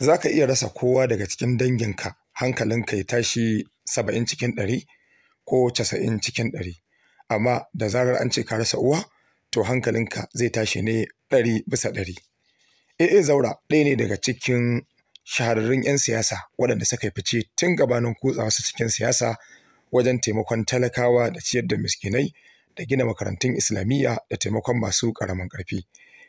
za ka iya rasa kowa daga cikin danginka hankalinka ya tashi saba'in cikin ɗari ko casa'in cikin ɗari amma da zarar an ce ka rasa uwa to hankalinka zai tashi ne ɗari bisa ɗari AA eh, eh, Zaura ɗaya ne daga cikin shahararrun 'yan siyasa waɗanda suka yi fice tun gabanin kutsawa su cikin siyasa wajen taimakon talakawa da ciyar da miskinai da gina makarantun islamiyya da taimakon masu ƙaramin ƙarfi.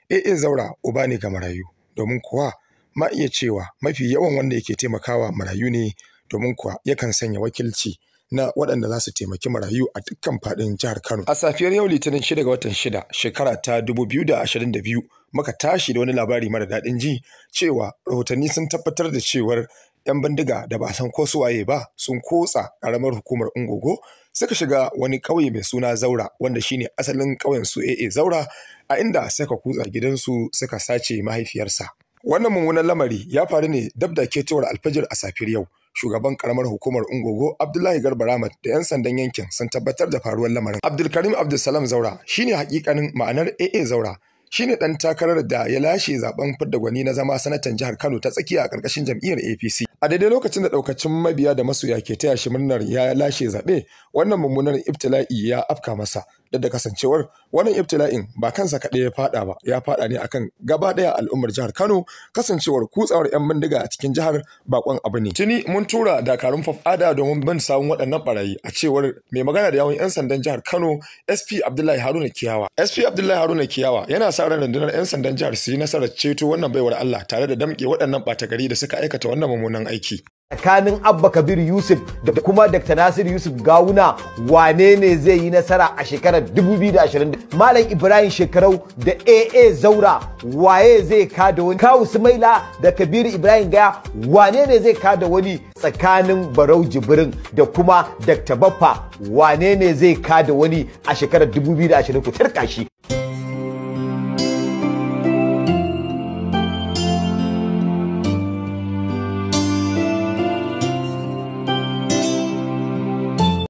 AA eh, Zaura uba ne ga marayu domin kuwa ma iya cewa mafi yawan wanda yake taimakawa marayu ne domin kuwa yakan sanya wakilci na waɗanda za su taimaki marayu a dukkan faɗin jihar Kano. A safiyar yau Litinin 6 ga watan 6 shekara ta 2022 muka tashi da wani labari mara daɗin ji cewa rahotanni sun tabbatar da cewar 'yan bindiga da ba san ko suwaye ba sun kotsa ƙaramar hukumar Ungogo suka shiga wani ƙauye mai suna Zaura wanda shine asalin ƙauyen su AA Zaura a inda suka kutsa gidansu suka sace mahaifiyarsa. Wannan mummunan lamari ya faru ne dab da ketowar alfajir a safiyar yau. Shugaban karamar hukumar Ungogo Abdullahi Garba Ramad da 'yan sandan yankin sun tabbatar da faruwar lamarin. Abdulkarim Abdulsalam Zaura shi ne hakikanin ma'anar AA Zaura. ne ɗan takarar da ya lashe zaben fidda gwani na zama sanatan jihar Kano ta tsakiya a ƙarƙashin jam'iyyar APC. a daidai lokacin da ɗaukacin mabiya da masoya ke taya shi murnar ya lashe zaɓe wannan mummunar ibtila'i ya afka masa da da kasancewar wannan ibtila'in ba kansa kaɗai ya faɗa ba ya faɗa ne akan gaba ɗaya al'ummar jihar Kano kasancewar kutsawar 'yan bindiga a cikin jihar bakon abu ne tuni mun tura dakarun fafada domin bin sawun waɗannan barayi a cewar mai magana da yawon 'yan sandan jihar Kano SP Abdullahi Haruna Kiyawa SP Abdullahi Haruna Kiyawa yana sa ran rundunar 'yan sandan jihar su yi nasarar ceto wannan baiwar Allah tare da damƙe waɗannan ɓata gari da suka aikata wannan mummunan aiki tsakanin abba kabir yusuf da kuma dr nasir yusuf gawuna wane ne zai yi nasara a shekarar 2020 malam ibrahim shekarau da aa zaura waye zai kada wani kawu sumaila da kabir ibrahim gaya wane ne zai da wani tsakanin barau jibirin da kuma dr baffa wane ne zai da wani a shekarar 2020 ku tarka